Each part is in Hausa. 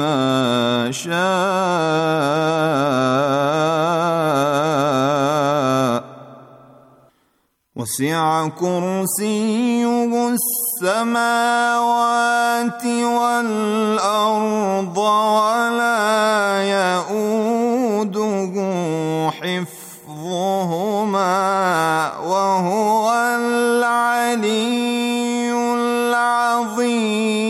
ما شاء وسع كرسيه السماوات والارض ولا يئوده حفظهما وهو العلي العظيم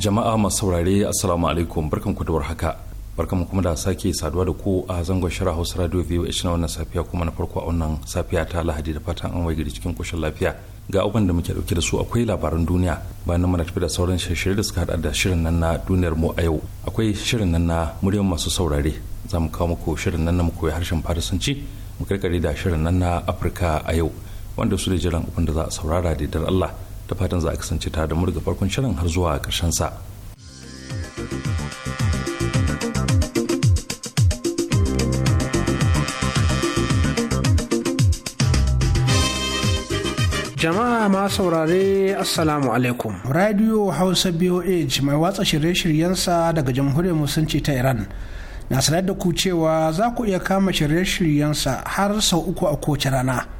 jama'a masu saurare assalamu alaikum barkan ku da haka barkan mu kuma da sake saduwa da ku a zangon shara hausa radio a na wannan safiya kuma na farko a wannan safiya ta lahadi da fatan an waye cikin koshin lafiya ga abin da muke dauke da su akwai labaran duniya bayan mana tafi da sauran shirye da suka hada da shirin nan na duniyar mu a yau akwai shirin nan na muryar masu saurare za mu kawo muku shirin nan na mu koyi harshen farisanci mu karkare da shirin nan na afirka a yau wanda su da jiran abin da za a saurara da dar allah da fatan za a kasance tare da mu farkon shirin har zuwa ƙarshen sa. Jama'a ma saurare Assalamu alaikum. Radio Hausa BOH mai watsa shirye-shiryensa daga Jamhuriyar Musulunci ta Iran. Na sanar da ku cewa za ku iya kama shirye-shiryensa har sau uku a kowace rana.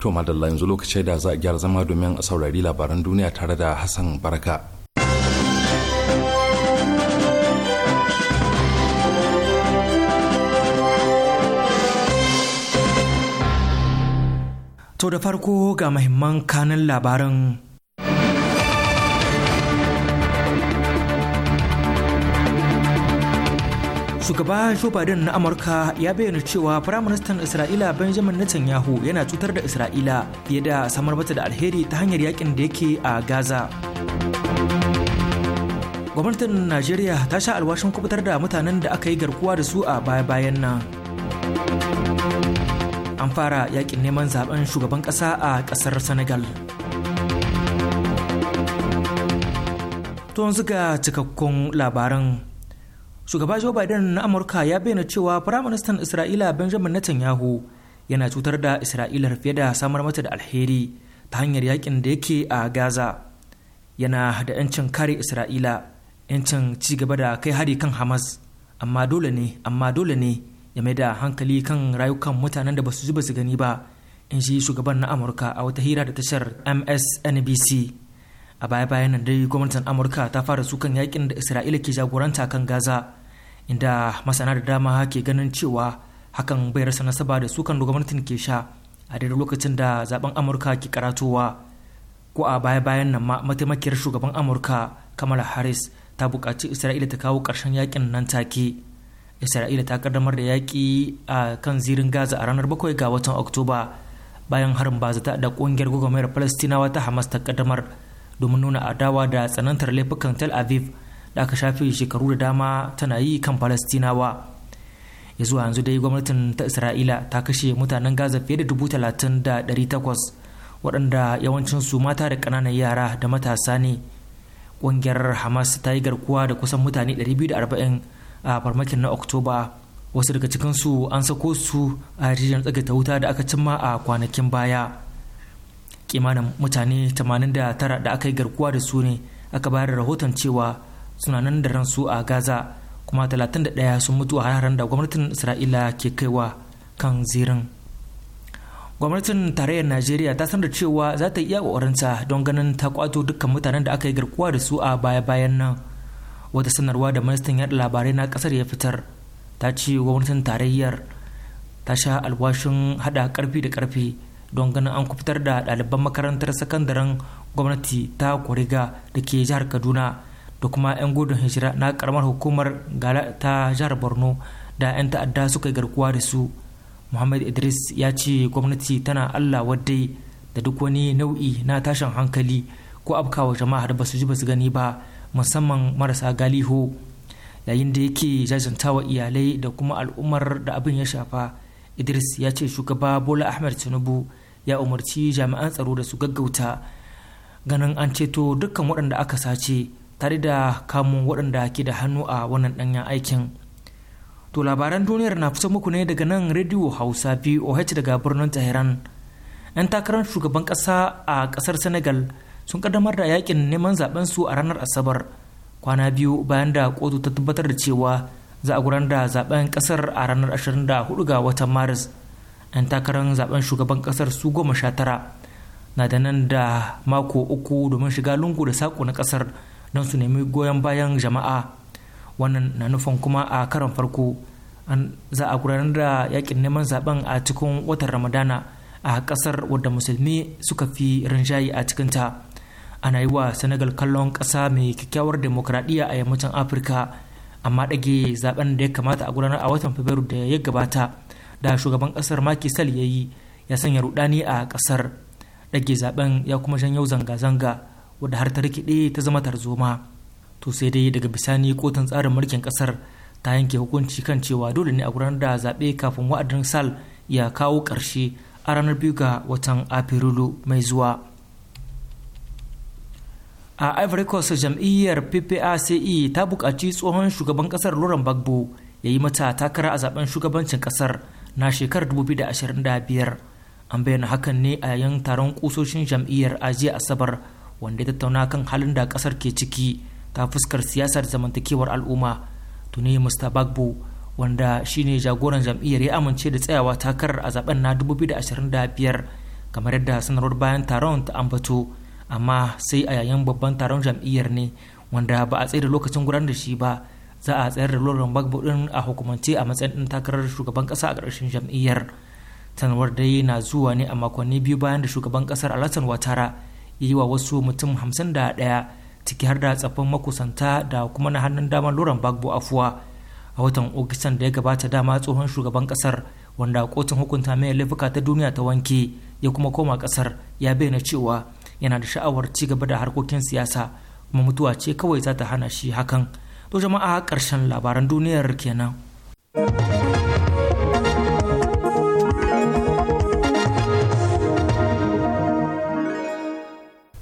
To madalla yanzu lokacin da za a gyara zama domin a saurari labaran duniya tare da Hassan Baraka. To da farko ga mahimman kanan labaran shugaba joe biden na amurka ya bayyana cewa firaministan isra'ila benjamin netanyahu yana cutar da isra'ila fiye da samar mata da alheri ta hanyar yakin da yake a gaza gwamnatin najeriya ta sha alwashin kubutar da mutanen da aka yi garkuwa da su a baya-bayan nan an fara yakin neman zaben shugaban ƙasa a ƙasar senegal to yanzu cikakkun labaran shugaba joe biden na amurka ya bayyana cewa firaministan isra'ila benjamin netanyahu yana cutar da isra'ila fiye da samar mata da alheri ta hanyar yakin da yake a gaza yana da 'yancin kare isra'ila 'yancin ci gaba da kai hari kan hamas amma dole ne amma dole ne ya mai da hankali kan rayukan mutanen da basu ji basu gani ba in shi shugaban na amurka a wata hira da tashar msnbc a baya bayan nan dai gwamnatin amurka ta fara sukan yakin da isra'ila ke jagoranta kan gaza inda masana da dama ke ganin cewa hakan bai rasa nasaba da sukan da gwamnatin ke sha a daidai lokacin da zaben amurka ke karatowa ko a baya-bayan nan ma mataimakiyar shugaban amurka kamala harris ta buƙaci isra'ila ta kawo ƙarshen yakin nan take isra'ila ta kaddamar da yaƙi a kan zirin gaza a ranar 7 ga watan oktoba bayan harin bazata da ƙungiyar gwagwarmayar palestinawa ta hamas ta kaddamar domin nuna adawa da tsanantar laifukan tel aviv da aka shafe shekaru da dama tana yi kan falastinawa ya zuwa yanzu dai gwamnatin ta isra'ila ta kashe mutanen gaza fiye da dubu talatin da waɗanda yawancinsu mata da ƙananan yara da matasa ne ƙungiyar hamas ta yi garkuwa da kusan mutane 240 a farmakin na oktoba wasu daga cikinsu an sako su a rijiyar tsagaita wuta da aka cimma a kwanakin baya kimanin mutane 89 da aka yi garkuwa da su ne aka bayar da rahoton cewa suna nan da ransu a gaza kuma 31 sun mutu a hararen da gwamnatin isra'ila ke kaiwa kan zirin gwamnatin tarayyar najeriya ta sanar cewa za ta iya ƙoƙarinta don ganin ta kwato dukkan mutanen da aka yi garkuwa da su a baya-bayan nan wata sanarwa da ministan yaɗa labarai na ƙasar ya fitar ta ce gwamnatin tarayyar ta sha alwashin haɗa karfi da karfi don ganin an kufitar da ɗaliban makarantar sakandaren gwamnati ta kuriga da ke jihar kaduna da kuma 'yan gudun hijira na karamar hukumar gala ta jihar borno da 'yan ta'adda suka yi garkuwa da su muhammad idris ya ce gwamnati tana allah waddai da duk wani nau'i na tashin hankali ko afkawa jama'a da basu ji ba su gani ba musamman marasa galiho yayin da yake jajantawa iyalai da kuma al'ummar da abin ya shafa idris ya ce shugaba bola ahmed tinubu ya umarci jami'an tsaro da su gaggauta ganin an ceto dukkan waɗanda aka sace tare da kamun waɗanda ke da hannu a wannan ɗanyen aikin to labaran duniyar na fito muku ne daga nan rediyo hausa voh daga birnin tehran 'yan takarar shugaban ƙasa a ƙasar senegal sun ƙaddamar da yakin neman zaben su a ranar asabar kwana biyu bayan da kotu ta tabbatar da cewa za a gudanar da zaben ƙasar a ranar 24 ga watan maris 'yan takarar zaben shugaban ƙasar su goma sha tara na da nan da mako uku domin shiga lungu da saƙo na ƙasar don su nemi goyon bayan jama'a wannan na nufin kuma a karon farko an za a gudanar da yakin neman zaben a cikin watan ramadana a kasar wadda musulmi suka fi rinjaye a cikinta ana yi wa senegal kallon ƙasa mai kyakkyawar demokradiyya a yammacin afirka amma dage zaben da ya kamata a gudanar a watan fabrairu da ya gabata da shugaban ƙasar maki sal ya yi ya sanya rudani a ƙasar dage zaben ya kuma janyo zanga-zanga wadda har ta rikide ta zama tarzoma to sai dai daga bisani kotun tsarin mulkin kasar ta yanke hukunci kan cewa dole ne a gudanar da zaɓe kafin wa'adin sal ya kawo ƙarshe a ranar biyu ga watan afrilu mai zuwa a ivory coast jam'iyyar ppace ta buƙaci tsohon shugaban kasar lauren bagbo ya yi mata takara a zaben shugabancin kasar na shekarar 2025 an bayyana hakan ne a yayin taron kusoshin jam'iyyar ajiya asabar wanda ya tattauna kan halin da kasar ke ciki ta fuskar siyasar zamantakewar al'umma tuni mr bagbo wanda shine jagoran jam'iyyar ya amince da tsayawa takarar a zaben na 2025 kamar yadda sanarwar bayan taron ta ambato amma sai a yayin babban taron jam'iyyar ne wanda ba a tsaye da lokacin gudanar da shi ba za a tsayar da lauren bagbo din a hukumance a matsayin din takarar shugaban kasa a ƙarshen jam'iyyar sanarwar dai na zuwa ne a makonni biyu bayan da shugaban kasar alhassan watara ya yi wa wasu mutum 51 ciki har da tsaffin makusanta da kuma na hannun damar loran bagbo afuwa a watan ogistan da ya gabata dama tsohon shugaban kasar wanda kotun hukunta mai laifuka ta duniya ta wanke ya kuma koma kasar ya bayyana cewa yana da sha'awar ci gaba da harkokin siyasa kuma mutuwa ce kawai za ta hana shi hakan to jama'a karshen labaran duniyar kenan.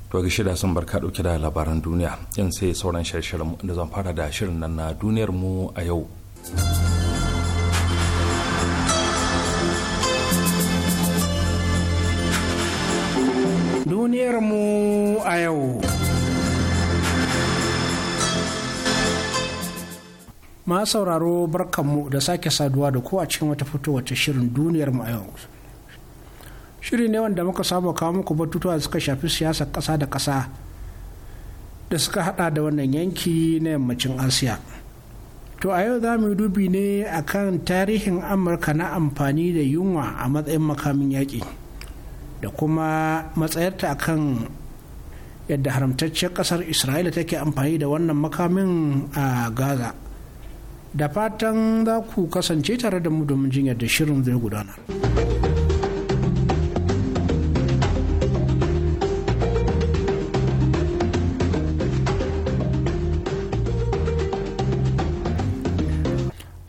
To ga shida sun barka dauke da labaran duniya yan sai sauran shirin inda zan fara da shirin nan na duniyar mu a yau. Duniyar mu a yau. Ma sauraro barkanmu da sake saduwa da ku a cikin wata fito wata shirin duniyar mu a yau. shiri ne wanda muka saba kawo muku batutuwa da suka shafi siyasar kasa da kasa da suka hada da wannan yanki na yammacin asiya to a yau za mu dubi ne akan tarihin amurka na amfani da yunwa a matsayin makamin yaƙi da kuma matsayarta akan yadda haramtacciyar ƙasar isra'ila take amfani da wannan makamin a gaza da fatan za ku kasance tare da mu domin jin yadda shirin zai gudana.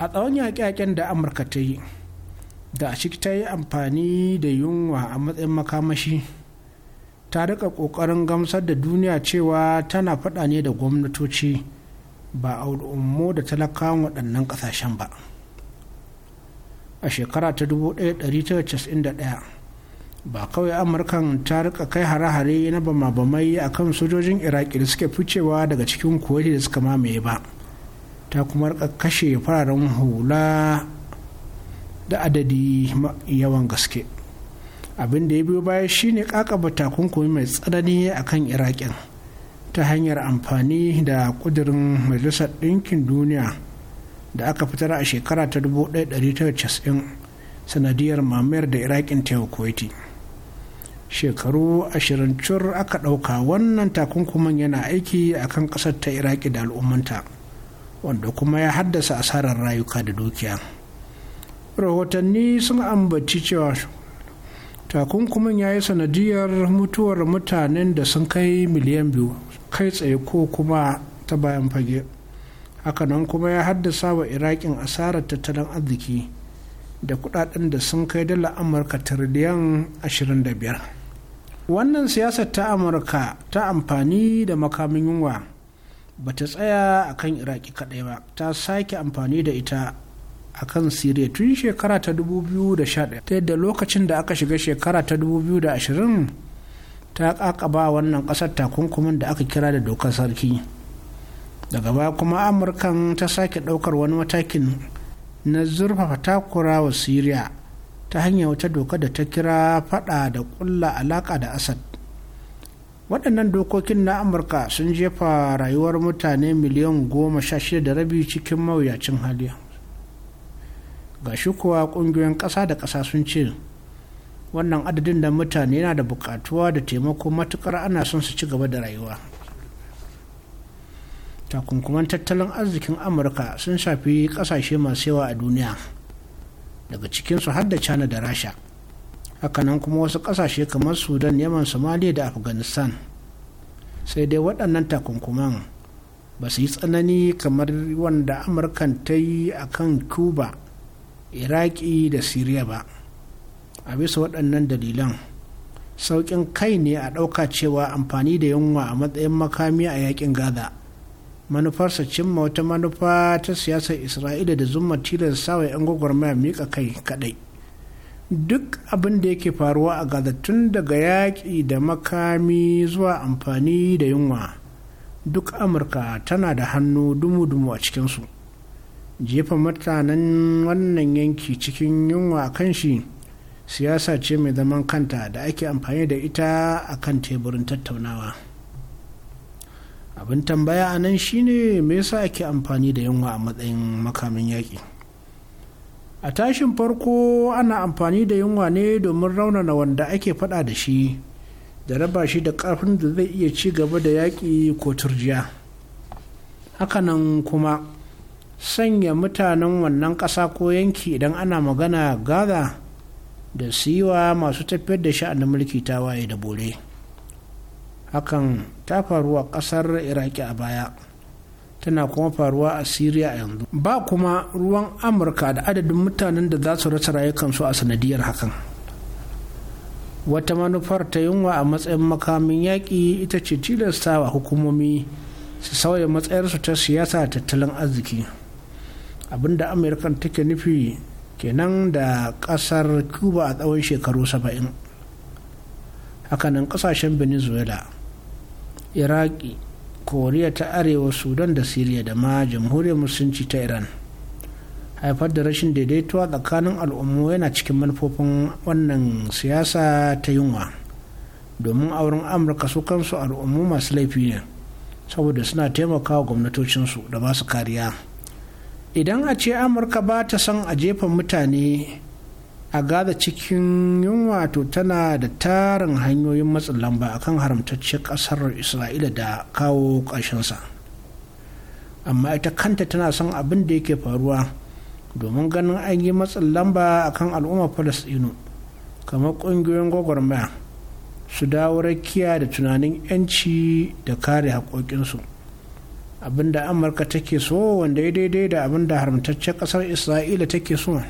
a tsawon yaƙe-yaƙen da amurka ta yi da a ciki ta yi amfani da yunwa a matsayin makamashi ta rika ƙoƙarin gamsar da duniya cewa tana faɗa ne da gwamnatoci ba a umu da talakawan waɗannan ƙasashen ba a shekara ta 1991 ba kawai amurkan ta rika kai hare-hare na bama-bamai akan sojojin iraki da suke ficewa daga cikin kuwaiti da suka mamaye ba ta kuma kashe fararen hula da adadi yawan gaske abin da ya biyo baya shine kakaba takunkumi mai tsanani a kan iraƙin ta hanyar amfani da ƙudurin majalisar ɗinkin duniya da aka fitar a shekara ta 1990 sanadiyar mamayar da iraƙin ta shekaru ashirin cur aka ɗauka wannan takunkuman yana aiki a kan ƙasar ta iraki da al'ummanta wanda kuma ya haddasa asarar rayuka da dukiya rahotanni sun ambaci cewa takunkumin ya yi sanadiyar mutuwar mutanen da sun kai miliyan biyu kai tsaye ko kuma ta bayan fage hakanan kuma ya haddasa wa irakin asarar tattalin arziki da kudaden da sun kai dala amurka tiriliyan 25 wannan siyasar ta amurka ta amfani da makamin yunwa ba ta tsaya a kan iraki kaɗai ba ta sake amfani da ita a kan siriya tun shekara ta 2011 ta yadda lokacin da aka shiga shekara ta 2020 ta kakaba wannan ƙasar takunkumin da aka kira da dokar sarki daga baya kuma amurkan ta sake ɗaukar wani matakin na zurfafa takura wa siriya ta hanyar wata doka da ta kira fada da kulla alaka da asad waɗannan dokokin na amurka sun jefa rayuwar mutane miliyan goma sha shida da rabi cikin mawuyacin hali ga shi kuwa ƙungiyoyin ƙasa da ƙasa sun ce wannan adadin da mutane yana da buƙatuwa da taimako matuƙar ana son su ci gaba da rayuwa takunkuman tattalin arzikin amurka sun shafi ƙasashe masu yawa a duniya daga cikinsu har da china da rasha hakanan kuma wasu kasashe kamar sudan yaman Somaliya da afghanistan sai dai waɗannan takunkuman ba su yi tsanani kamar wanda amurkan ta yi a kan cuba iraki da syria ba a bisa waɗannan dalilan sauƙin kai ne a ɗauka cewa amfani da yunwa a matsayin makami a yakin gaza manufarsa cimma wata manufa ta siyasar isra'ila da zumma tilasta sawa 'yan gwagwarmaya miƙa kai kaɗai duk abin da yake faruwa a gaza tun daga yaƙi da makami zuwa amfani da yunwa duk amurka tana da hannu dumu-dumu a cikinsu jefa mutanen wannan yanki cikin yunwa a kan shi siyasa ce mai zaman kanta da ake amfani da ita a kan teburin tattaunawa abin tambaya a nan shine me yasa ake amfani da yunwa a matsayin makamin yaƙi a tashin farko ana amfani da yunwa ne domin raunana wanda ake fada da shi da raba shi da ƙarfin da zai iya ci gaba da yaƙi ko turjiya hakanan kuma sanya mutanen wannan ƙasa ko yanki idan ana magana gaza da siwa masu tafiyar da sha'anin mulki waye da bore hakan ta faru a ƙasar iraki a baya tana kuma faruwa a Siriya a yanzu. Ba kuma ruwan Amurka da adadin mutanen da za su rasa rayukansu a sanadiyar hakan. Wata manufar ta yunwa a matsayin makamin yaƙi ita ce tilasta wa hukumomi su sauya matsayarsu ta siyasa tattalin arziki. Abinda Amurkan take nufi kenan da ƙasar Cuba a tsawon shekaru saba'in. Hakanan ƙasashen Venezuela, Iraki, koriya ta arewa sudan da siriya da ma jamhuriyar musulunci ta iran haifar da rashin daidaito tsakanin al'ummu yana cikin manufofin wannan siyasa ta yunwa domin auren amurka su kansu al'ummu masu laifi ne saboda suna taimakawa gwamnatocinsu da ba su kariya idan a ce amurka ba ta san a jefa mutane a gaza cikin yunwa to tana da tarin hanyoyin matsin lamba akan haramtacciyar ƙasar isra'ila da kawo ƙarshensa amma ita kanta tana son abin da yake faruwa domin ganin an yi matsin lamba akan al'ummar falasɗinu kamar ƙungiyoyin gwagwarmaya su dawo rakiya da tunanin 'yanci da kare haƙoƙinsu abinda amurka take so wanda ya daidai da abinda haramtacciyar ƙasar isra'ila take so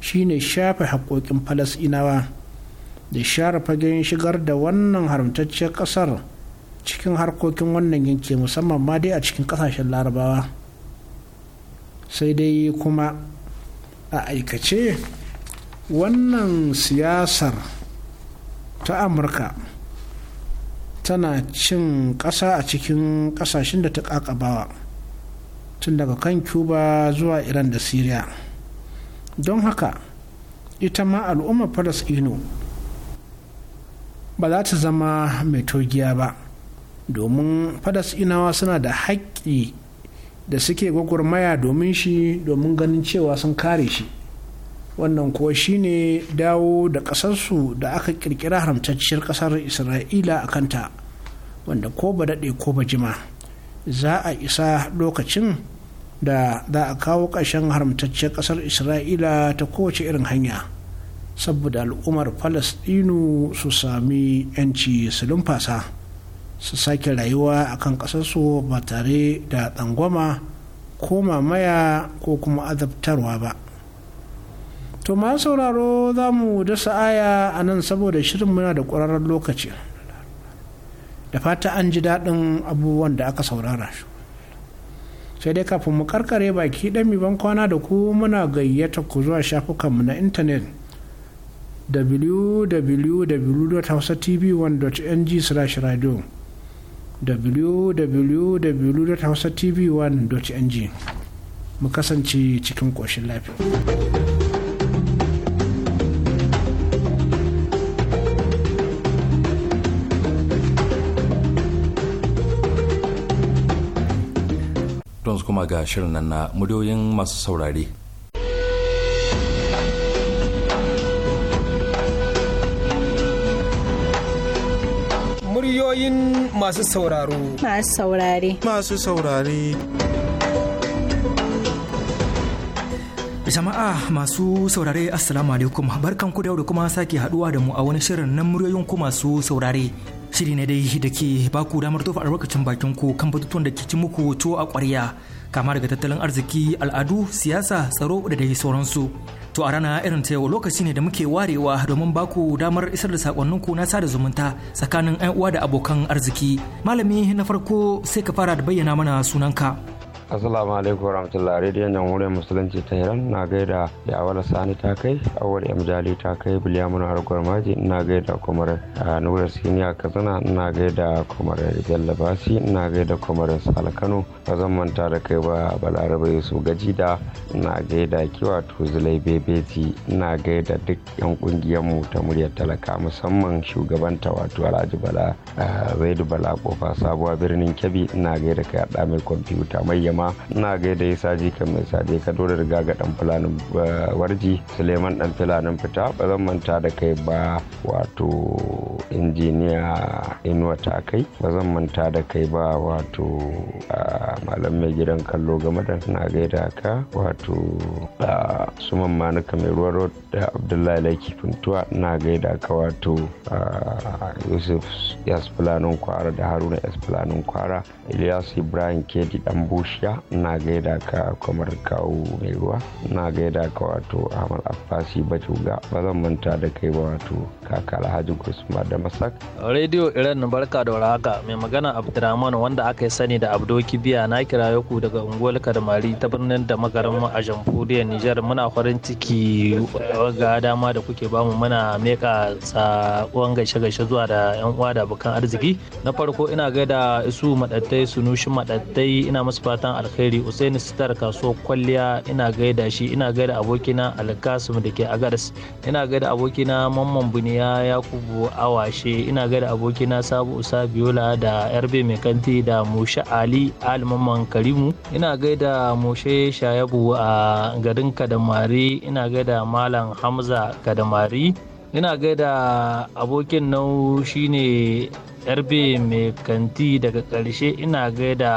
shine shafe haƙoƙin falasɗinawa da share fagen shigar da wannan haramtacciyar ƙasar cikin harkokin wannan yanki musamman ma dai a cikin ƙasashen larabawa sai dai kuma a aikace wannan siyasar ta amurka tana cin ƙasa a cikin ƙasashen da ta ƙaƙabawa tun daga kan cuba zuwa iran da syria don haka ita ma al'ummar falasɗinu ba za ta zama mai togiya ba domin falasɗinawa suna da haƙƙi da suke gwagwarmaya domin shi domin ganin cewa sun kare shi wannan kuwa shine dawo da ƙasarsu da aka ƙirƙira haramtacciyar ƙasar isra'ila a kanta wanda ko ba daɗe ko ba jima za a isa lokacin da za a kawo ƙarshen haramtacciyar ƙasar isra'ila ta kowace irin hanya saboda al'ummar falastinu su sami 'yanci su lumfasa su sake rayuwa a kan ƙasarsu ba tare da tsangwama ko mamaya ko kuma azabtarwa ba to ma sauraro za mu dasa aya a nan saboda shirin muna da ƙwararren lokaci da fata an ji daɗin abubuwan da aka saurara shi sai dai kafin mu karkare baki ɗan ban kwana da ku muna gayyata ku zuwa shafukanmu na intanet www.hausatv1.ng/radio www.hausatv1.ng mu kasance cikin ƙoshin lafiya. ga shirin nan na muryoyin masu saurare. Muryoyin masu sauraro. Masu saurare. Masu saurare. jama'a masu saurare assalamu alaikum barkan ku da yau da kuma sake haduwa da mu a wani shirin na muryoyin ku masu saurare shiri ne dai da ke baku damar tofa albarkacin bakin ku kan batutuwan da ke ci muku to a ƙwarya kama daga tattalin arziki al'adu siyasa tsaro da dai sauransu to a rana irin ta yau lokaci ne da muke warewa domin baku damar isar da sakonninku na sada zumunta tsakanin 'yan uwa da abokan arziki malami na farko sai ka fara da bayyana mana sunanka Assalamu alaikum warahmatullahi rediyon jamhuriyar musulunci ta Iran na gaida da awala sani ta kai awal jali ta kai biliyamun har gwarmaji ina gaida kumar nura siniya katsina ina gaida kumar jallabasi na gaida kumar ah, sal kano ba zan manta da kai ba balarabe yusuf gajida na gaida kiwa zulai bebeti na gaida duk yan kungiyar mu ta muryar talaka musamman shugabanta wato alhaji bala ah, zaidu bala kofa sabuwa birnin kebbi ina gaida kai a mai kwamfuta mai ma ina gaida isa kan mai sade ka dole riga ga dan filanin eh, warji suleiman dan fulanin fita ba zan manta da kai ba wato injiniya inuwa ta kai ba zan manta da kai ba wato eh, malam mai gidan kallo game da na gaida ka wato eh, suman manuka mai ruwa road da abdullahi laiki funtuwa na gaida ka wato yusuf yas filanin kwara da haruna yas filanin kwara ilyas ibrahim kedi dan bushiya Aisha na gaida ka kamar kawo mai ruwa na gaida ka wato Ahmad Abbasi Bajuga ba zan manta da kai ba wato kaka alhaji kusuma da masak radio iran barka da warhaka mai magana abdurrahman wanda aka yi sani da abdo kibiya na kira yaku daga unguwar kadamari ta birnin da magaran a jamhuriyar nijar muna farin ciki ga dama da kuke bamu muna meka sakon gaishe gaishe zuwa da yan uwa da abokan arziki na farko ina gaida isu madattai sunushi madattai ina masu fatan alkhairi usaini sitar kasuwar kwalliya ina gaida shi ina gaida abokina alkasim da ke agadas ina gaida abokina mamman bune ya yakubu awashe ina gaida abokina sabu usa biola da yarbe mai kanti da mushe ali almaman karimu ina gaida mushe shayabu a garin kadamari ina gaida malam hamza kadamari ina gaida abokin nau shine yarbe mai kanti daga ƙarshe ina gaida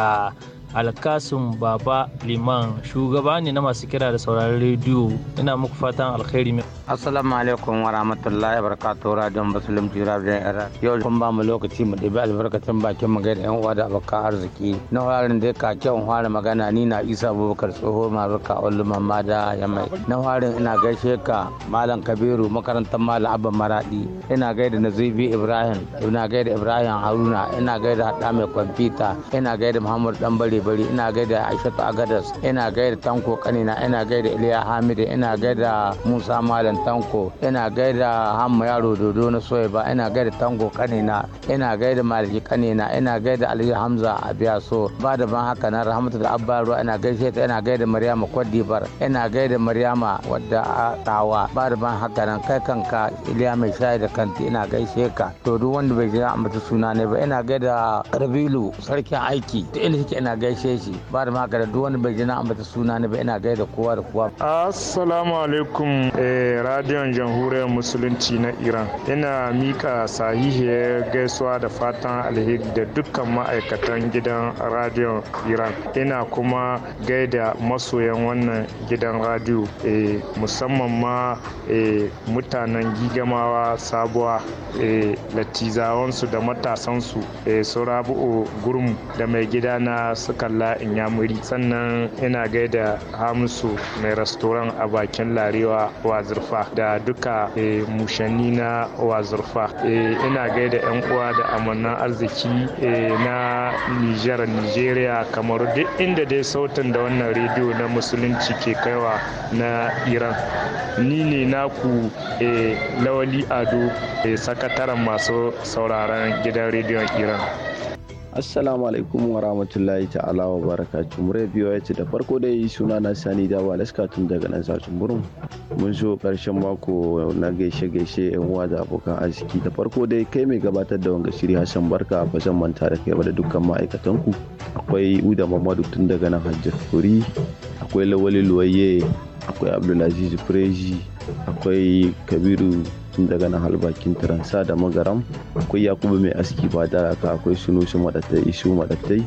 alkasun baba liman shugaba ne na masu kira da sauraron rediyo ina muku fatan alkhairi assalamu alaikum wa rahmatullahi wa barakatuhu radiyon musulun da yara yau kun ba mu lokaci mu dabi albarkacin bakin mu gaida yan uwa da abokan arziki na wurin da ka kyau fara magana ni na isa abubakar tsoho maruka ulu mamma da mai na wurin ina gaishe ka malam kabiru makarantar malam abba maradi ina gaida zubi ibrahim ina gaida ibrahim haruna ina gaida hada mai kwamfuta ina gaida muhammadu dambare bari ina gaida aishatu agadas ina gaida tanko kanina ina gaida iliya hamida ina gaida musa malam tanko ina gaida hamma yaro dodo na soyaba ina gaida tanko kanina ina gaida maliki kanina ina gaida aliyu hamza a biya so ba da ban haka na rahmatu da abbaru ina gaishe ta ina gaida maryama kwadibar ina gaida maryama wadda a tawa ba da ban haka nan kai kanka iliya mai shayi da kanti ina gaishe ka to duk wanda bai ji ambata suna ne ba ina gaida rabilu sarkin aiki ta ilhiki ina gaida gaishe shi ba da maka duk wani bai jina ambata suna ne ba ina gaida kowa da kowa assalamu alaikum eh, radiyon jamhuriyar musulunci na iran ina mika sahihiyar gaisuwa da fatan alheri da dukkan ma'aikatan gidan radiyon iran ina kuma gaida masoyan wannan gidan radiyo eh, musamman ma eh, mutanen gigamawa sabuwa latizawansu da matasansu su rabu'u gurum da mai gida na kalla in inyamuri sannan ina gaida hamsu mai rastoran a bakin larewa wazurfa da duka eh, mushanni na wazurfa eh, ina gaida yan uwa da amannan arziki eh, na nijar nigeria kamar duk inda dai sautin da wannan rediyo na musulunci ke kaiwa na iran ni ne naku lawali ado sakataren masu sauraron gidan rediyon iran assalamu alaikum wa rahmatullahi ta'ala wa barakatuh murai biyu ya ce da farko dai suna na sani wa laska tun daga nan sashen burin mun so karshen mako na gaishe gaishe yan uwa da abokan arziki da farko dai kai mai gabatar da wanga shiri hassan barka ba zan manta da kai ba da dukkan ma'aikatan ku akwai uda mamadu tun daga nan hajjat kuri akwai lawali luwaye akwai abdulaziz preji akwai kabiru tun daga nan halbakin taransa da magaram akwai yakubu mai aski ba daraka akwai sunusu madattai isu madattai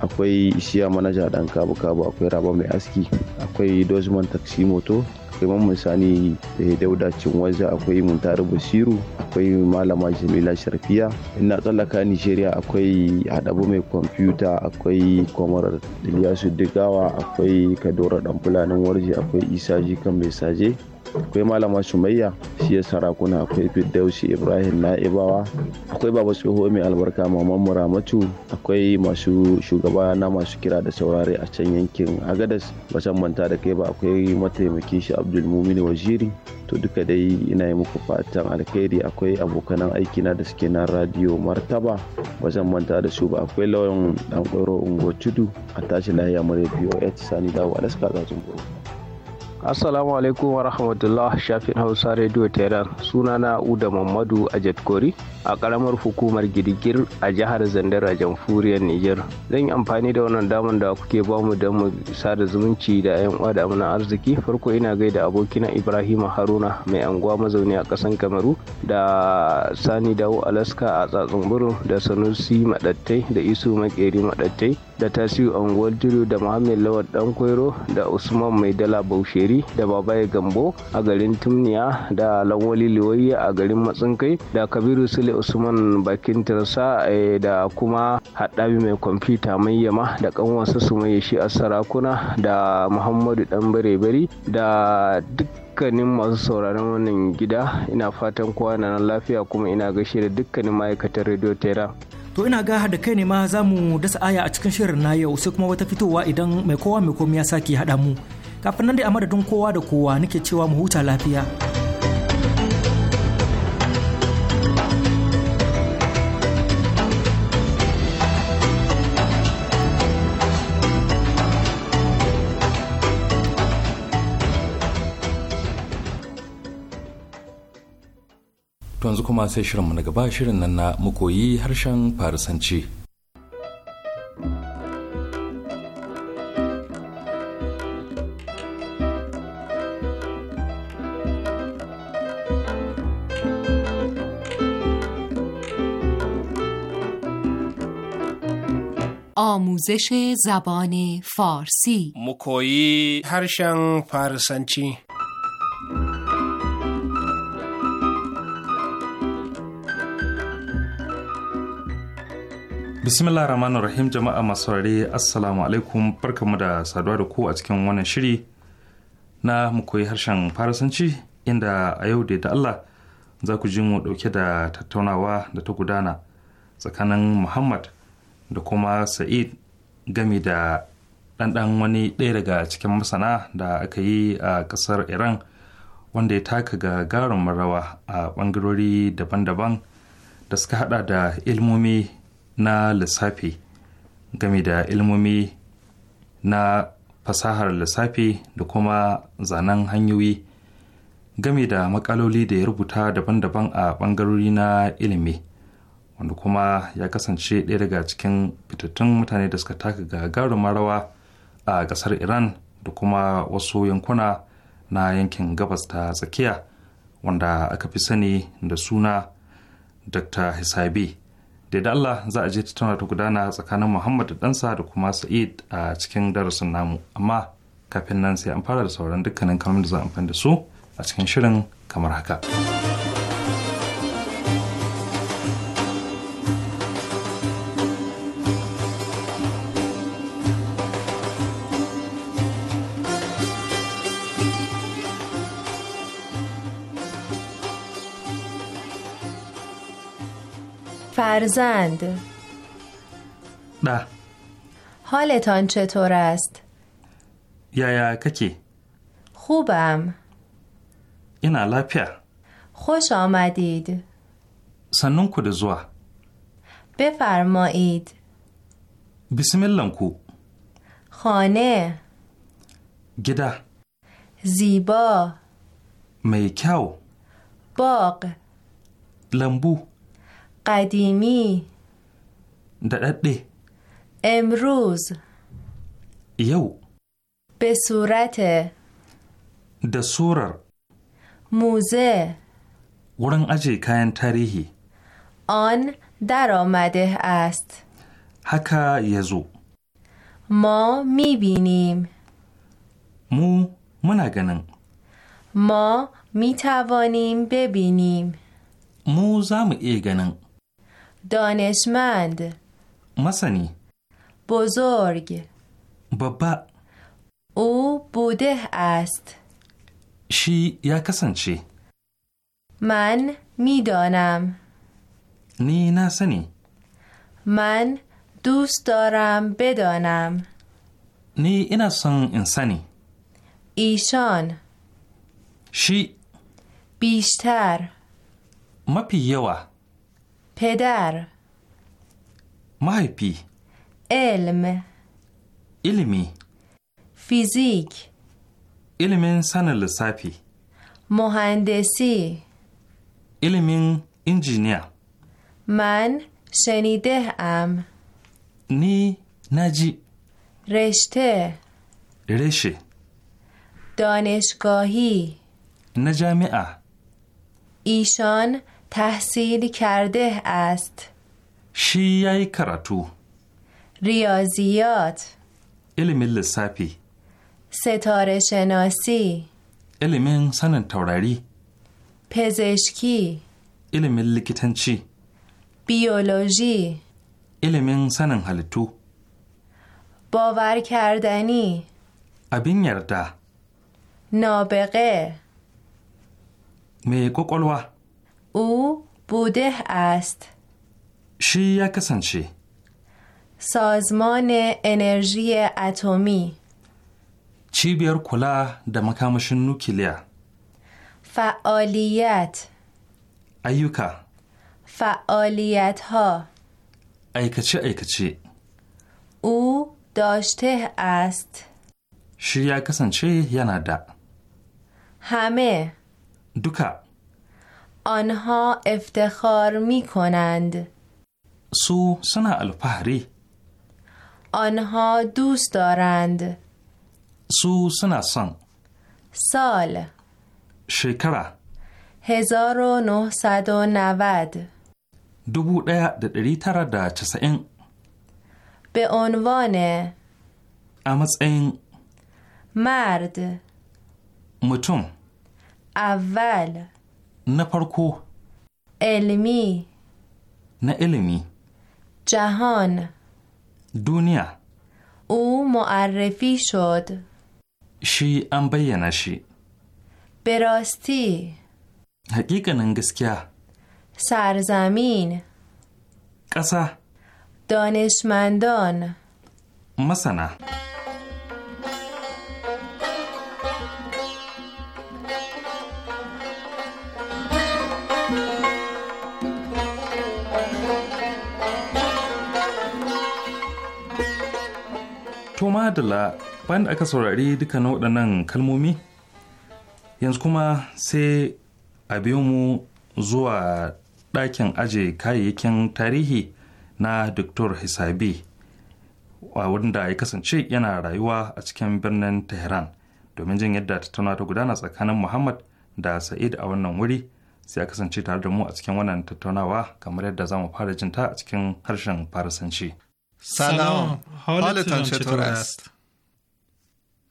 akwai isiya manaja dan kabu kabu akwai raba mai aski akwai dozman taksi moto akwai mamman sani da eh, dauda waje akwai muntari basiru akwai malama jamila sharfiya ina tsallaka nigeria akwai hadabu mai kwamfuta akwai kwamar iliyasu digawa akwai kadora dan fulanin warje akwai isa jikan mai saje akwai malama sumayya shi ya sarakuna akwai fiddausi ibrahim na'ibawa akwai baba tsoho mai albarka maman muramatu akwai masu shugaba na masu kira da saurare a can yankin agadas ba san manta da kai ba akwai mataimaki shi abdul mumin waziri to duka dai ina yi muku fatan alkhairi akwai abokan aiki na da suke na radio martaba ba zan manta da su ba akwai lauyan dan kwaro ungo tudu a tashi lahiya mare biyo sani dawo alaska tsatsun Assalamu alaikum wa rahmatullah shafin Hausa Radio Tehran sunana Uda Mamadu a Jatkori a karamar hukumar Girgir a jihar Zandar a jamhuriyar Niger. Zan yi amfani da wannan damar da kuke bamu don mu sada zumunci da yan uwa da amana arziki. Farko ina gaida abokina Ibrahim Haruna mai anguwa mazauni a kasan Kamaru da Sani Dawo Alaska a tsatsun burin da Sanusi maɗattai da Isu maƙeri maɗattai da tasiu unguwar tudu da muhammed lawal dan kwairo da usman mai dala bausheri da babaye gambo a garin tumniya da lanwali liwaye a garin matsinkai da kabiru sule usman bakin tirsa eh, da kuma haɗabi mai kwamfuta mai yama da kanwarsa su mai shi a sarakuna da muhammadu dan bare da duk dukkanin masu sauraron wannan gida ina fatan kowa na lafiya kuma ina gaishe da dukkanin ma'aikatan radio tera To ina ga da kai ne ma za mu dasa aya a cikin shirin na yau sai kuma wata fitowa idan mai kowa mai komi ya sake haɗa mu. Kafin nan dai a madadin kowa da kowa nake cewa mu huta lafiya. kuma sai shirinmu na gaba shirin nan na mukoyi harshen farisanci. آموزش زبان فارسی مکویی هرشن فارسنچی bismillah rahman rahim jama'a masu saurare assalamu alaikum barkamu da saduwa da ku a cikin wannan shiri na mu koyi harshen farasanci inda a yau da da allah za ku ji mu dauke da tattaunawa da ta gudana tsakanin muhammad da kuma sa'id gami da ɗanɗan wani ɗaya daga cikin masana da aka yi a ƙasar iran wanda ya taka ga gagarumin rawa a ɓangarori daban-daban da suka hada da ilmomi na lissafi game da ilmomi na fasahar lissafi da kuma zanen hanyoyi game da makaloli da ya rubuta daban-daban a ɓangarori na ilimi wanda kuma ya kasance ɗaya daga cikin fitattun mutane da suka taka gagarumin marawa a ƙasar iran da kuma wasu yankuna na yankin gabas ta tsakiya wanda aka fi sani da suna dr hisabi da da Allah za a je tattauna ta gudana tsakanin Muhammad da ɗansa da kuma Sa'id a cikin darasin namu amma kafin nan sai an fara da sauran dukkanin kalmar da za a amfani da su a cikin shirin kamar haka. فرزند به حالتان چطور است؟ یا یا ککی خوبم این لپیا خوش آمدید سنون کد زوا بفرمایید بسم الله کو خانه گدا زیبا میکاو باغ لمبو قدیمی دردی امروز یو به صورت ده سورر موزه ورن اجی کاین تاریخی آن در آمده است حکا یزو ما میبینیم مو منگنن ما میتوانیم ببینیم mu za mu iya ganin دانشمند مسنی بزرگ بابا او بوده است شی یا چی؟ من میدانم نی نسنی من دوست دارم بدانم نی این سن انسانی ایشان شی بیشتر ما یوه پدر مایپی علم علمی فیزیک علم سن لسپی مهندسی علم انجینیر من شنیده ام نی نجی رشته رشه دانشگاهی نجامعه ایشان تحصیل کرده است شیعی کراتو ریاضیات علم لسپی ستاره شناسی علم سنن توراری پزشکی علم لکتنچی بیولوژی علم سنن حلتو باور کردنی ابین یرده نابغه می او بوده است شی یکسن چی؟ سازمان انرژی اتمی چی بیار کلا در مکامش نوکیلیا؟ فعالیت ایوکا فعالیت ها ایکچه ایکچی او داشته است شیعه کسان چی یا نده همه دوکا آنها افتخار می کنند سو سنا الفهری آنها دوست دارند سو سنا سن سال شکره 1990 این به عنوان این مرد متون اول نه پرکو علمی نه علمی جهان دنیا او معرفی شد شی انبیانشی بینشی به راستی سرزمین قصه دانشمندان مثلا madala bayan da aka saurari duka dukkanin waɗannan kalmomi yanzu kuma sai a mu zuwa ɗakin aje kayayyakin tarihi na Dr. Hisabi wanda ya kasance yana rayuwa a cikin birnin Tehran domin jin yadda tattauna ta gudana tsakanin Muhammad da Sa'id a wannan wuri sai a kasance tare da mu a cikin wannan tattaunawa kamar yadda za mu fara jinta a cikin harshen farasanci. سلام حالتان چطور است؟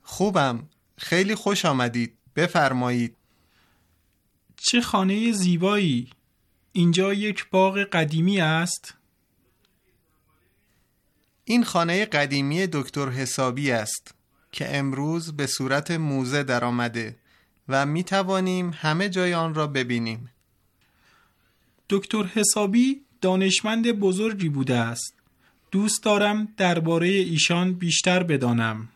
خوبم خیلی خوش آمدید بفرمایید چه خانه زیبایی اینجا یک باغ قدیمی است؟ این خانه قدیمی دکتر حسابی است که امروز به صورت موزه آمده و می توانیم همه جای آن را ببینیم. دکتر حسابی دانشمند بزرگی بوده است. دوست دارم درباره ایشان بیشتر بدانم.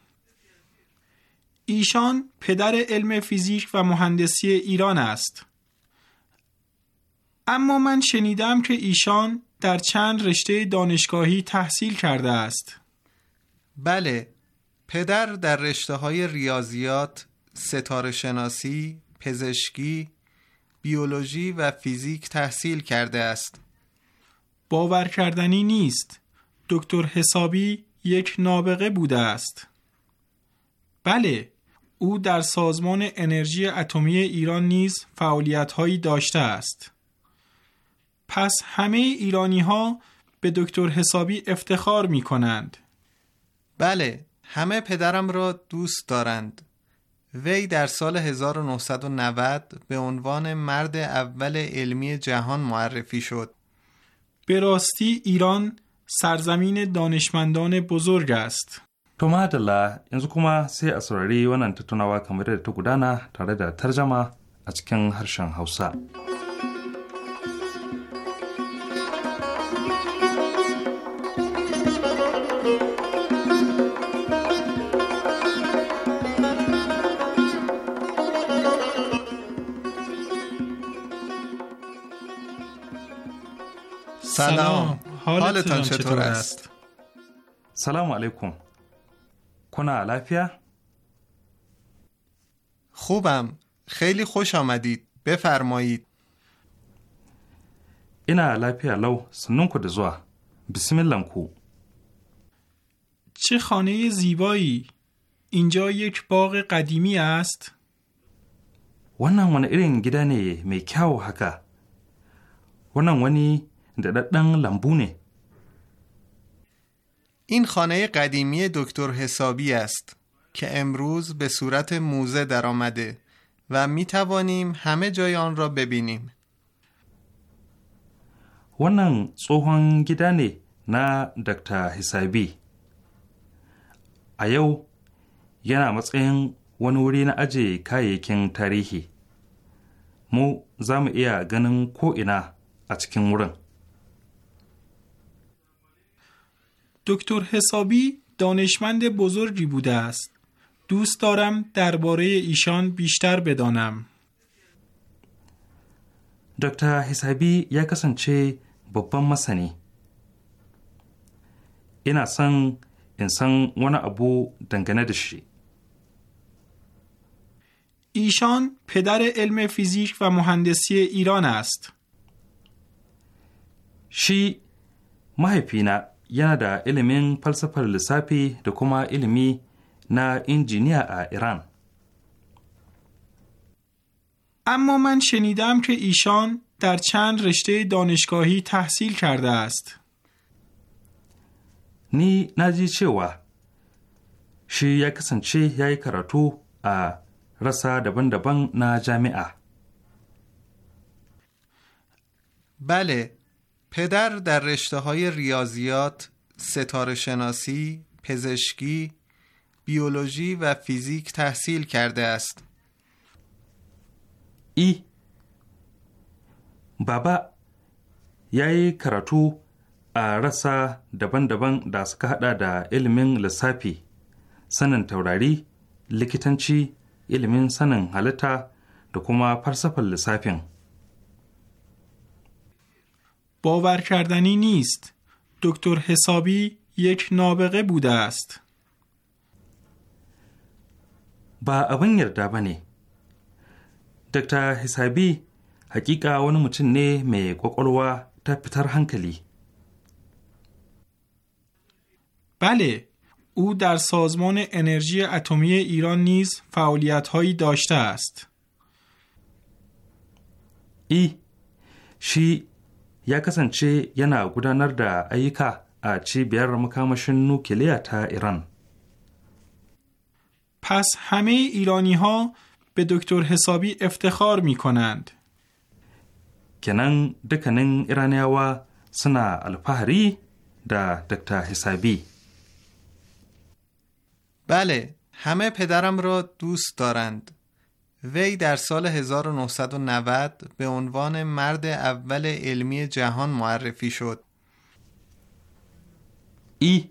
ایشان پدر علم فیزیک و مهندسی ایران است. اما من شنیدم که ایشان در چند رشته دانشگاهی تحصیل کرده است. بله، پدر در رشته های ریاضیات، ستاره شناسی، پزشکی، بیولوژی و فیزیک تحصیل کرده است. باور کردنی نیست. دکتر حسابی یک نابغه بوده است. بله، او در سازمان انرژی اتمی ایران نیز فعالیت‌هایی داشته است. پس همه ایرانی ها به دکتر حسابی افتخار می کنند. بله، همه پدرم را دوست دارند. وی در سال 1990 به عنوان مرد اول علمی جهان معرفی شد. به راستی ایران سرزمین دانشمندان بزرگ است. To madalla yanzu kuma sai a saurari wannan tattunawa kamar yadda ta gudana tare da tarjama a cikin harshen Hausa. سلام حالتان چطور است؟ سلام علیکم کنا لافیه؟ خوبم خیلی خوش آمدید بفرمایید اینا لافیه لو سنون کد بسم الله کو چه خانه زیبایی اینجا یک باغ قدیمی است wannan ونه irin gida ne mai kyau haka ونی daɗaɗɗen lambu ne. این خانه قدیمی دکتر حسابی است که امروز به صورت موزه درآمده و می توانیم همه جای آن را ببینیم. wannan tsohon gida ne na Dr. Hisabi. A yau yana matsayin wani wuri na ajiye kayayyakin tarihi. Mu za mu iya ganin ko'ina a cikin wurin. دکتر حسابی دانشمند بزرگی بوده است. دوست دارم درباره ایشان بیشتر بدانم. دکتر حسابی یا کسنچه چه بپم Ina این اصلا انسان وانا ابو دنگنه دشی. ایشان پدر علم فیزیک و مهندسی ایران است. شی mahaifina yana da ilimin falsafar lissafi da kuma ilimi na injiniya a Iran. اما من شنیدم که ایشان در چند رشته دانشگاهی تحصیل کرده است. نی نجی چوا شی یا کسنچه یای کراتو ا رسا دبن دبن نا جامعه بله پدر در رشته های ریاضیات، ستار شناسی، پزشکی، بیولوژی و فیزیک تحصیل کرده است ای بابا یای کراتو رسا دبن دبن داسکه حدا دا علمین لساپی سنن توراری لکتنچی علمین سنن حالتا دکوما پرسپل لساپیم باور کردنی نیست دکتر حسابی یک نابغه بوده است با ابن یرده بنه دکتر حسابی حقیقا ون mutum نه mai kwakwalwa ta بله او در سازمان انرژی اتمی ایران نیز فعالیت هایی داشته است. ای شی ya kasance yana gudanar da ayyuka a cibiyar makamashin nukiliya ta Iran. پس همه ایرانی ها به دکتر حسابی افتخار می کنند. کنن دکنن ایرانیاوا سنا الفهری دا دکتر حسابی. بله، همه پدرم را دوست دارند. وی در سال 1990 به عنوان مرد اول علمی جهان معرفی شد ای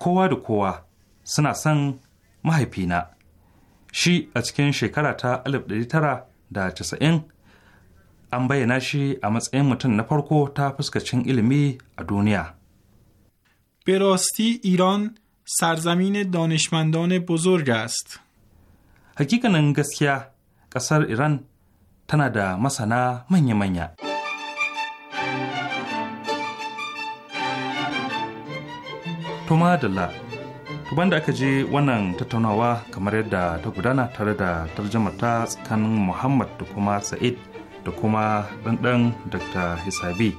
کوه دو کوه سن محی پینا شی اچکن شکره تا الف دیتر دا چسین ان بینا شی اما سین متن نپرکو تا پسکچن علمی دنیا به راستی ایران سرزمین دانشمندان بزرگ است hakikanin gaskiya ƙasar iran tana da masana manya-manya toma dalla tuban da aka je wannan tattaunawa kamar yadda ta gudana tare da tarjama ta tsakanin muhammad da kuma sa'id da kuma ɗanɗan dr hisabi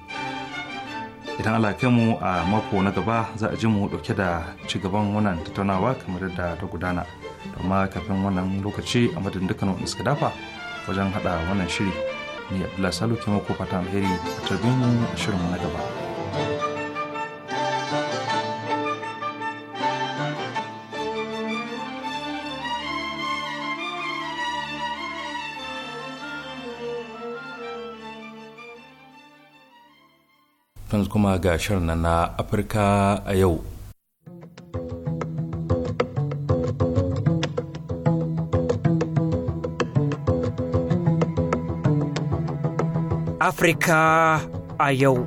idan Allah kai mu a mako na gaba za a ji mu dauke da ci gaban wannan tattaunawa kamar da ta gudana amma kafin wannan lokaci a madadin dukkan wanda suka dafa wajen hada wannan shiri ni abdullahi salo ke mako fata alheri a tarbin shirin na gaba. kuma ga shirin na Afirka a yau. Afirka a yau.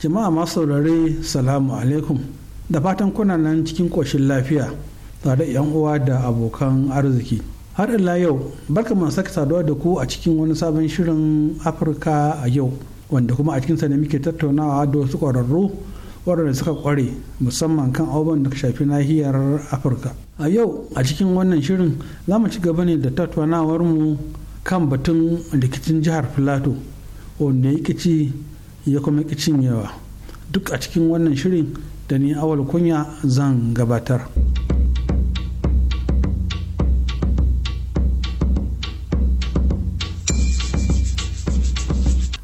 Jama'a masu saurari salamu alaikum da fatan kuna nan cikin ƙoshin lafiya tare da uwa da abokan arziki. har ila yau barka mu saka saduwa da ku a cikin wani sabon shirin afirka a yau wanda kuma a cikinsa ne muke tattaunawa da wasu ƙwararru waɗanda suka ƙware musamman kan abubuwan da shafi nahiyar afirka a yau a cikin wannan shirin za mu ci gaba ne da tattaunawar mu kan batun rikicin jihar filato wanda ya ci ya kuma ki cinyewa duk a cikin wannan shirin da ni awal kunya zan gabatar.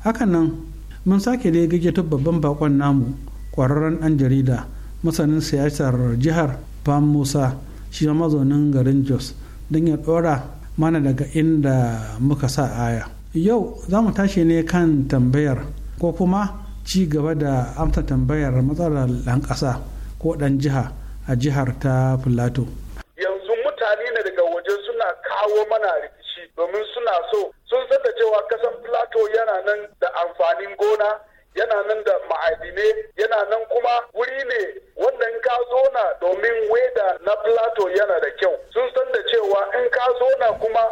hakan nan mun sake da gage ta babban bakon namu kwararren ɗan jarida masanin siyasar jihar pam musa shi mazaunin garin jos don ya ɗora mana daga inda muka sa aya yau za mu tashi ne kan tambayar ko kuma ci gaba da amsa tambayar matsalar ɗan ƙasa ko ɗan jiha a jihar ta filato yanzu mutane ne daga waje suna kawo mana domin suna so sun san da cewa kasan plato yana nan da amfanin gona yana nan da ma'adinai yana nan kuma wuri ne wanda in ka zona domin weda na plato yana da kyau sun san da cewa in ka zona kuma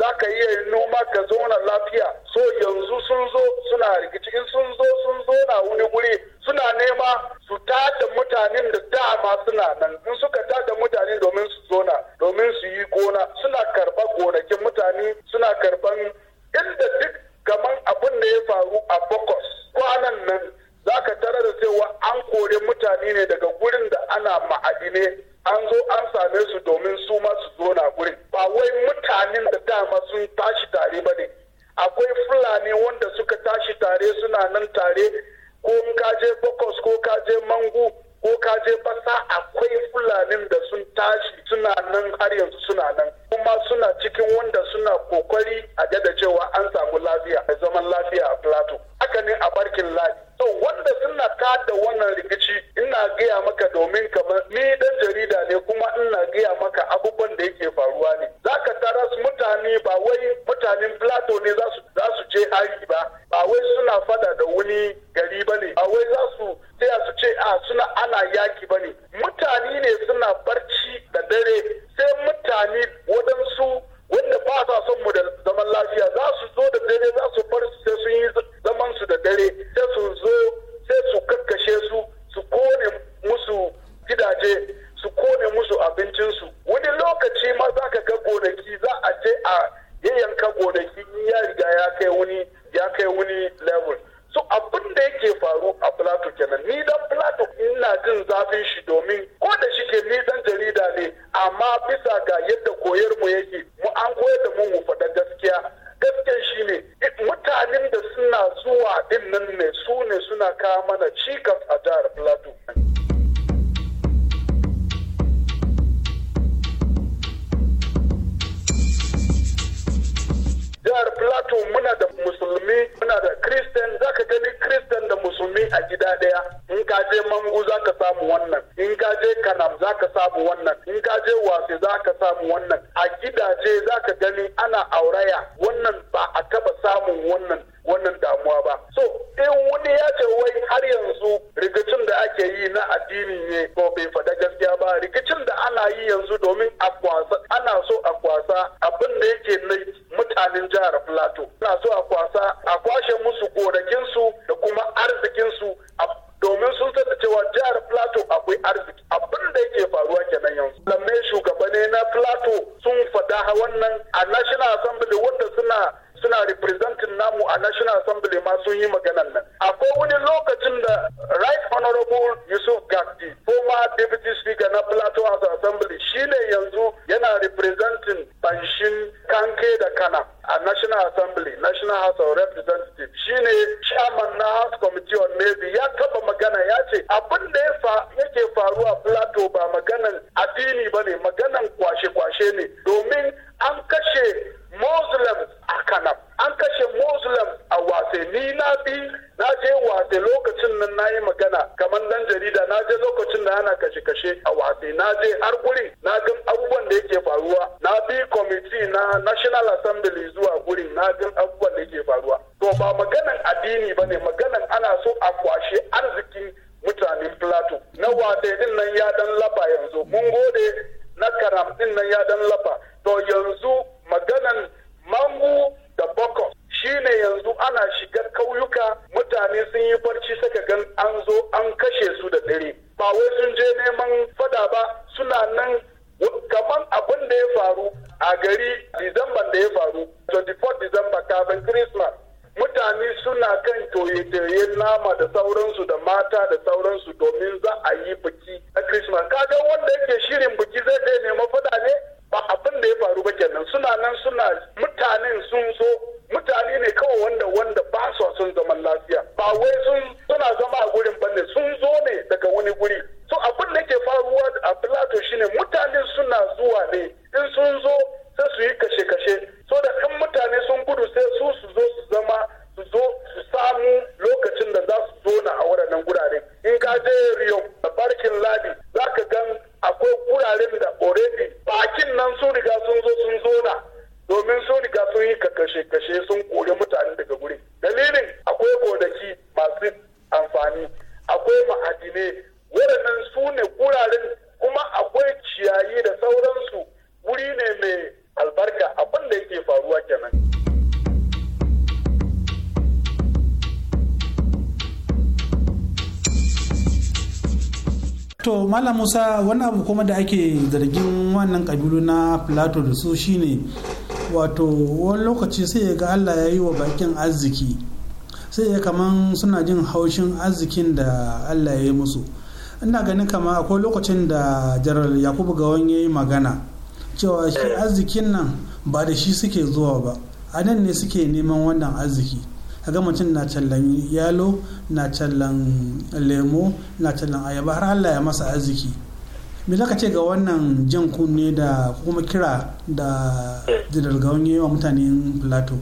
za ka iya yin noma ka zauna lafiya so yanzu sun zo suna rikici in sun zo sun zo na wani guri suna nema su tada mutanen da dama suna nan in suka tada mutane domin su zona domin su yi gona suna karɓar gonakin mutane suna karɓar inda duk gaman abin da ya faru a bokos kwanan nan za ka tarar da cewa an kore mutane ne daga gurin da ana ma'adine an zo an same su domin su ma su zona gurin ba wai mutanen da dama sun tashi tare ba ne akwai fulani wanda suka tashi tare suna nan tare ko in ka bokos ko kaje mangu ko kaje je basa akwai fulanin da sun tashi suna nan har yanzu suna nan kuma suna cikin wanda suna kokari a da cewa an samu lafiya da zaman lafiya a plato haka ne a barkin lafiya so wanda suna da wannan rikici ina gaya maka domin kamar ni dan jarida ne kuma ina gaya maka abubuwan da yake faruwa ne Za ka tara su mutane ba wai mutanen plato ne za su je ari ba ba wai suna fada da wani gari ba ne ba wai za su tsaya su ce a ah, suna ana yaki ba ne mutane ne suna barci da dare sai mutane waɗansu wanda ba sa son mu da zaman lafiya za su zo da dare za su bar su sai sun yi zaman su da dare sai su zo sai su kakkashe su su kone musu gidaje su kone musu abincinsu wani lokaci ma za ka ga gonaki za a je a yayyanka gonaki ya riga ya kai wani ya kai wani level so abin da yake faru a plato kenan ni dan plato ina jin zafin shi domin ko da shike ni dan jarida ne amma bisa ga yadda koyar mu yake an koyar da mu mu faɗa gaskiya gaskiya ne eh, mutanen da suna zuwa din nan ne su ne suna kawo mana cikas a jihar plateau jihar plateau muna da musulmi muna da christian za ka gani christian da musulmi a gida ɗaya in ka je mangu za ka samu wannan in ka je kanam za ka samu wannan in ka je wasi za ka samu wannan a gidaje za ka gani ana auraya wannan ba a taba samun wannan wannan damuwa ba so in wani ya ce wai har yanzu rikicin da ake yi na addini ne ko bai faɗa gaskiya ba rikicin da ana yi yanzu domin a kwasa ana so a kwasa abin da yake na mutanen jihar plateau ana so a kwasa a kwashe musu gonakinsu da kuma arzikinsu domin sun san cewa jihar plateau akwai arziki abin da yake faruwa kenan yanzu lamme shugabanni na plateau sun fada wannan a national assembly wanda suna suna representing namu a national assembly ma sun yi maganan nan akwai wani lokacin da right honorable yusuf gakti former deputy speaker na plateau house assembly shine yanzu yana representing banshin kanke da kana a national assembly national house of representatives shine chairman na house committee on navy ya taba magana ya ce abin da yake faruwa plateau ba maganan addini ba ne maganan kwashe-kwashe ne domin an kashe muslim a kanam an kashe muslim a wase ni na bi na je wase lokacin nan na yi magana kamar dan jarida na je lokacin da ana kashe kashe a wase na je har guri na gan abubuwan da yake faruwa na bi kwamiti na national assembly zuwa guri na gan abubuwan da yake faruwa to ba maganan addini ba ne musa wani abu kuma da ake zargin wannan kabilu na plato da su shine wato wani lokaci sai ya ga allah ya yi wa bakin arziki sai ya kaman suna jin haushin arzikin da allah ya yi musu ina ganin kama akwai lokacin da jarar yakubu gawon ya yi magana cewa shi eh. arzikin nan ba da shi suke zuwa ba a nan ne suke neman wannan arziki kaga mutum na tallan yalo na tallan lemo na tallan ayaba har allah ya masa arziki me zaka ce ga wannan jan kunne da kuma kira da jidar yi wa mutanen plato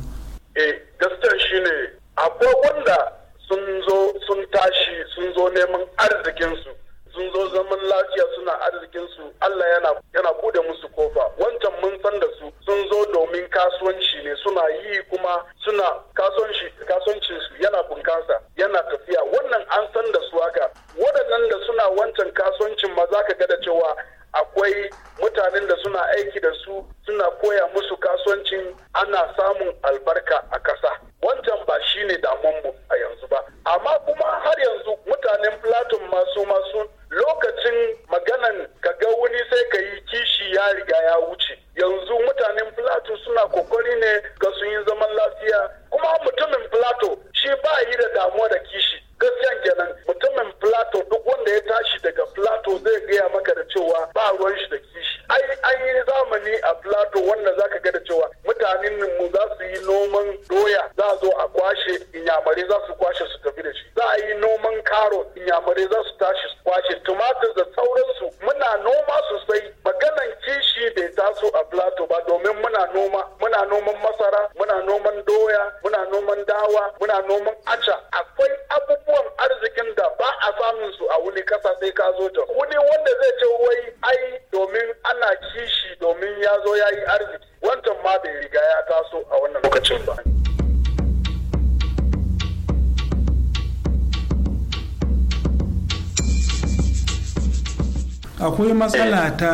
eh gaskiya shine akwai wanda sun zo sun tashi sun zo neman arzikinsu sun zo zaman lafiya suna arzikin su Allah yana yana bude musu kofa wancan mun san da su sun zo domin kasuwanci ne suna yi kuma suna kasuwanci kasuwancin su yana bunkasa yana tafiya wannan an san da su haka waɗannan da suna wancan kasuwancin ma za ka ga da cewa akwai mutanen da suna aiki da su suna koya musu kasuwancin ana samun albarka a ƙasa wancan ba shine damuwanmu a yanzu ba amma kuma har yanzu mutanen platon masu masu lokacin maganan ka ga wuni sai ka yi kishi ya riga ya wuce yanzu mutanen plateau suna kokari ne ga su yi zaman lafiya kuma mutumin plato shi ba yi da damuwa da kishi gaskiyan kenan mutumin plato duk wanda ya tashi daga plato zai gaya maka da cewa ba ruwan shi da kishi ai an yi zamani a plato wanda zaka ga da cewa mutanen mu za su yi noman doya za a zo a kwashe inyamare za su kwashe su tafi da shi za a yi noman karo inyamare za su tashi su kwashe tumatir da sauransu muna noma sosai maganan kishi bai taso a plato ba domin muna noma muna noman masara muna noman doya muna noman dawa muna noman aca akwai abubuwan arzikin da ba a samun su a wuni kasa sai ka zo ta wuni wanda zai ce wai ai domin ana kishi domin ya zo ya yi arziki wancan ma bai riga ya taso a wannan lokacin ba akwai matsala ta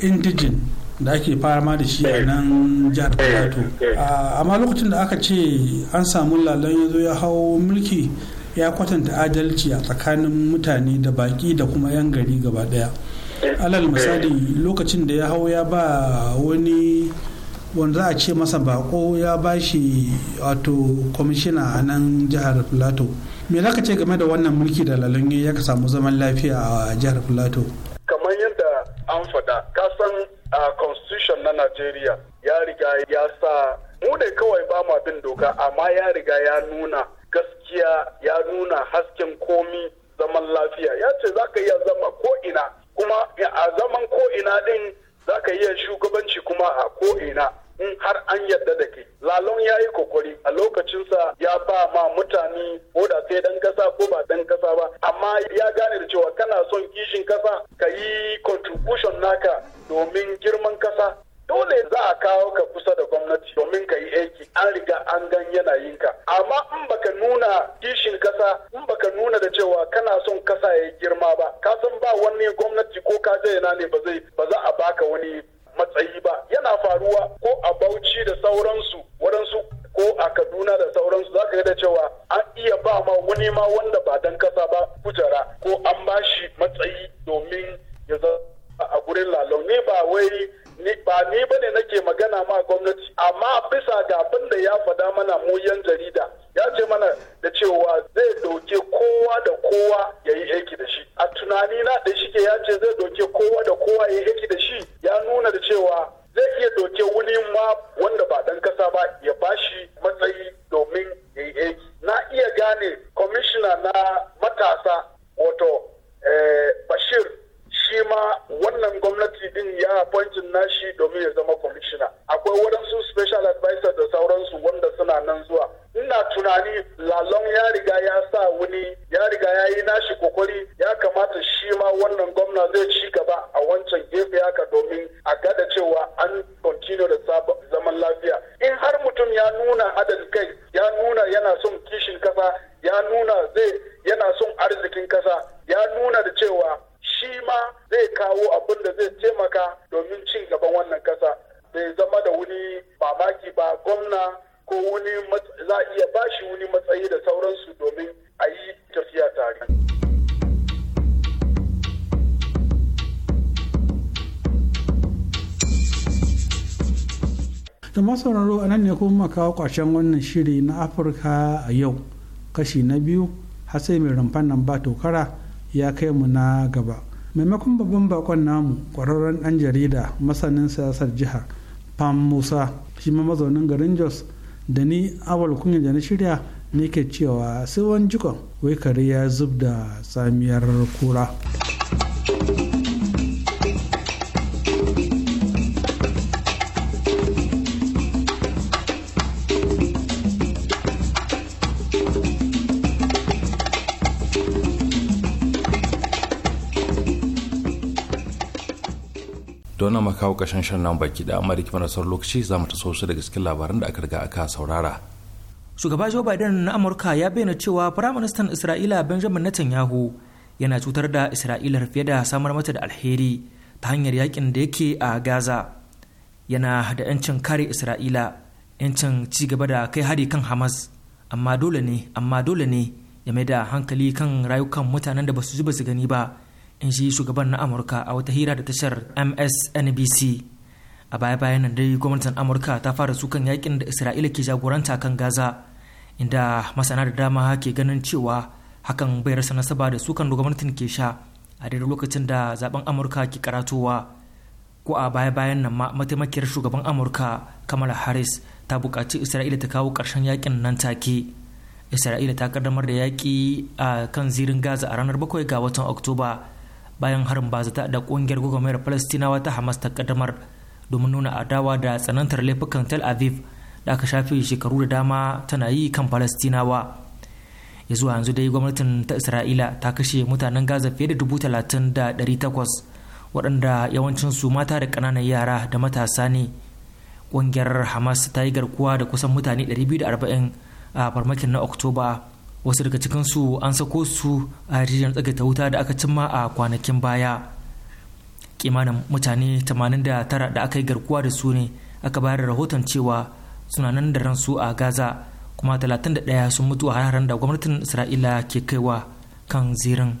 indijin da ake fama da shi a nan jihar plateau ah, amma lokacin da aka ce an samu lalon ya zo ya hau mulki ya kwatanta adalci a tsakanin mutane da baki da kuma 'yan gari gaba daya alal misali lokacin da ya hau ya ba wani wanda za a ce masa bako ya ba shi wato kwamishina a nan jihar plateau me za ka ce game da wannan mulki da lalon ya ka samu zaman lafiya a jihar plateau a constitution na Najeriya ya riga ya sa mu ne kawai ba ma bin doka amma ya riga ya nuna gaskiya ya nuna hasken komi zaman lafiya ya ce za ka iya zama ko'ina kuma a zaman ko'ina din za ka iya shugabanci kuma a ko'ina in har an yadda da ke lalon ya yi kokari a lokacinsa ya ba ma mutane ko da sai dan kasa ko ba dan kasa ba amma ya gane da cewa kana son kishin kasa ka yi contribution naka domin girman kasa dole za a kawo ka kusa da gwamnati domin ka yi aiki an riga an gan yanayinka amma in baka nuna kishin kasa in baka nuna da cewa kana son kasa ya girma ba ka san ba wani gwamnati ko ka yana ne ba ba za a baka wani matsayi ba yana faruwa ko a bauchi da sauransu waɗansu ko a kaduna da sauransu za ka yi da cewa an iya ba ma wani ma wanda ba dan kasa ba kujera ko an ba shi matsayi domin ya zama a gurin lalau ne ba wai ba ni ba ne nake magana ma gwamnati amma bisa ga abin da ya faɗa mana mu yan jarida ya ce mana da cewa zai ɗauke kowa da kowa ya yi aiki da shi a tunani na da shi ke ya ce kawo kwashen wannan shiri na afirka a yau kashi na biyu har sai mai rumfan nan ba tokara ya kai mu na gaba maimakon babban bakon namu kwararren ɗan jarida masanin siyasar jihar pam musa shi ma mazaunin garin jos da ni awal kunya da na shirya ne ke cewa sai wani jikon wai kare ya zub da samiyar kura. kawo ƙarshen shan nan baki da amma da sauran lokaci za mu taso su daga cikin labaran da aka riga aka saurara. Shugaba Joe Biden na Amurka ya bayyana cewa Firaministan Isra'ila Benjamin Netanyahu yana cutar da Isra'ila fiye da samar mata da alheri ta hanyar yakin da yake a Gaza. Yana da 'yancin kare Isra'ila, 'yancin ci gaba da kai hari kan Hamas, amma dole ne, amma dole ne ya mai da hankali kan rayukan mutanen da ba su ji ba su gani ba. in shi shugaban na amurka a wata hira da tashar msnbc a baya-bayan nan dai gwamnatin amurka ta fara sukan yakin da isra'ila ke jagoranta kan gaza inda masana da dama ke ganin cewa hakan bai rasa nasaba da sukan da gwamnatin ke sha a daidai lokacin da zaben amurka ke karatowa ko a baya-bayan nan mataimakiyar shugaban amurka kamala harris ta buƙaci isra'ila ta kawo ƙarshen yakin nan take isra'ila ta kaddamar da yaƙi a kan zirin gaza a ranar bakwai ga watan oktoba bayan harin bazata da kungiyar gwagwarmayar palestinawa ta hamas ta kaddamar domin nuna adawa da tsanantar laifukan tel aviv da aka shafe shekaru da dama tana yi kan falastinawa ya zuwa yanzu dai gwamnatin ta isra'ila ta kashe mutanen gaza fiye da dubu talatin da ɗari takwas waɗanda yawancin su mata da ƙananan yara da matasa ne kungiyar hamas ta yi garkuwa da kusan mutane 240 a farmakin na oktoba wasu daga cikinsu an sako su a yarjejeniyar tsagaita wuta da aka cimma a kwanakin baya kimanin mutane 89 da aka yi garkuwa da su ne aka bayar da rahoton cewa suna nan da ransu a gaza kuma 31 sun mutu a hararen da gwamnatin isra'ila ke kaiwa kan zirin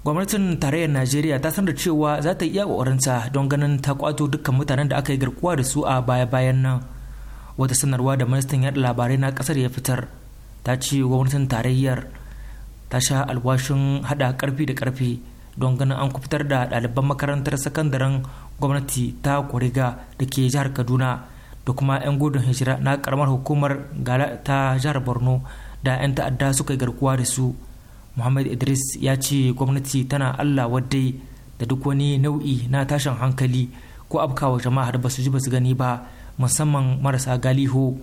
gwamnatin tarayyar najeriya ta sanar cewa za ta iya ƙoƙarinta don ganin ta kwato dukkan mutanen da aka yi garkuwa da su a baya-bayan nan wata sanarwa da ministan yaɗa labarai na ƙasar ya fitar ta ce gwamnatin tarayyar ta sha alwashin hada karfi da karfi don ganin an kufitar da ɗaliban makarantar sakandaren gwamnati ta kuriga da ke jihar kaduna da kuma 'yan gudun hijira na karamar hukumar gala ta jihar borno da 'yan ta'adda suka garkuwa da su muhammad idris ya ce gwamnati tana allah waddai da duk wani nau'i na tashin hankali ko abkawa jama'a da basu ji basu gani ba musamman marasa galiho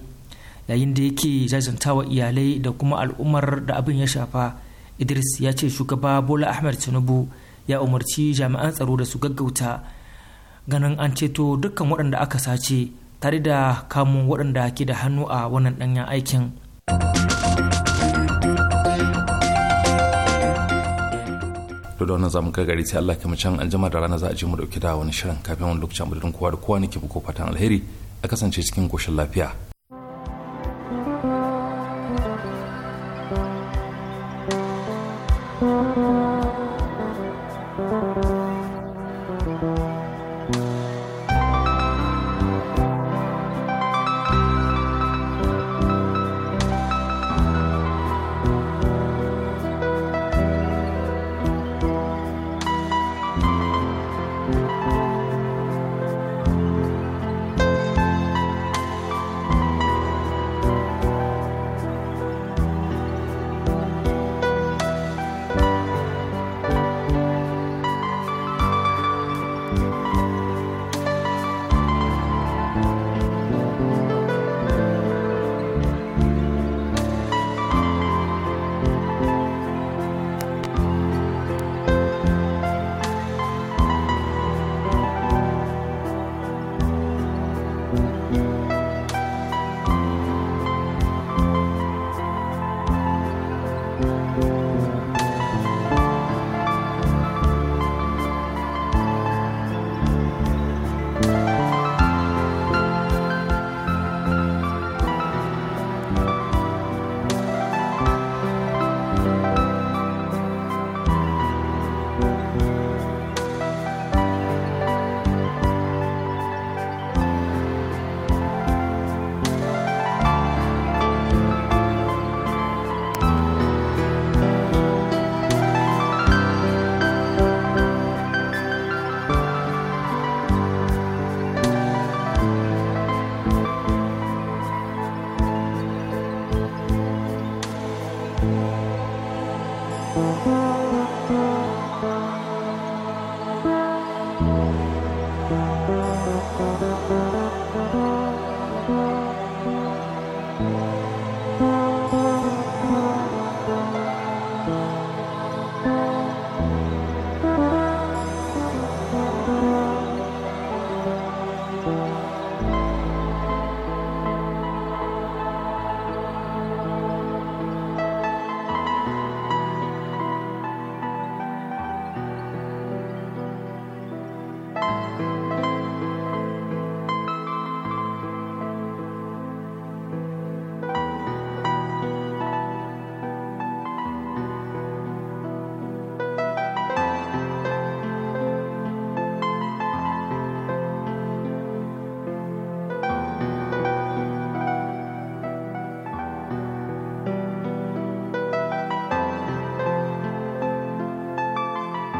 yayin da yake jajantawa iyalai da kuma al'ummar da abin ya shafa idris ya ce shugaba bola ahmed tinubu ya umarci jami'an tsaro da su gaggauta ganin an ceto dukkan waɗanda aka sace tare da kamun waɗanda ke da hannu a wannan ɗanyen aikin da wannan zamu kai gari sai Allah kuma can jima da rana za a je mu dauki da wani shirin kafin wani lokacin budurin kowa da kowa nake buko fatan alheri a kasance cikin koshin lafiya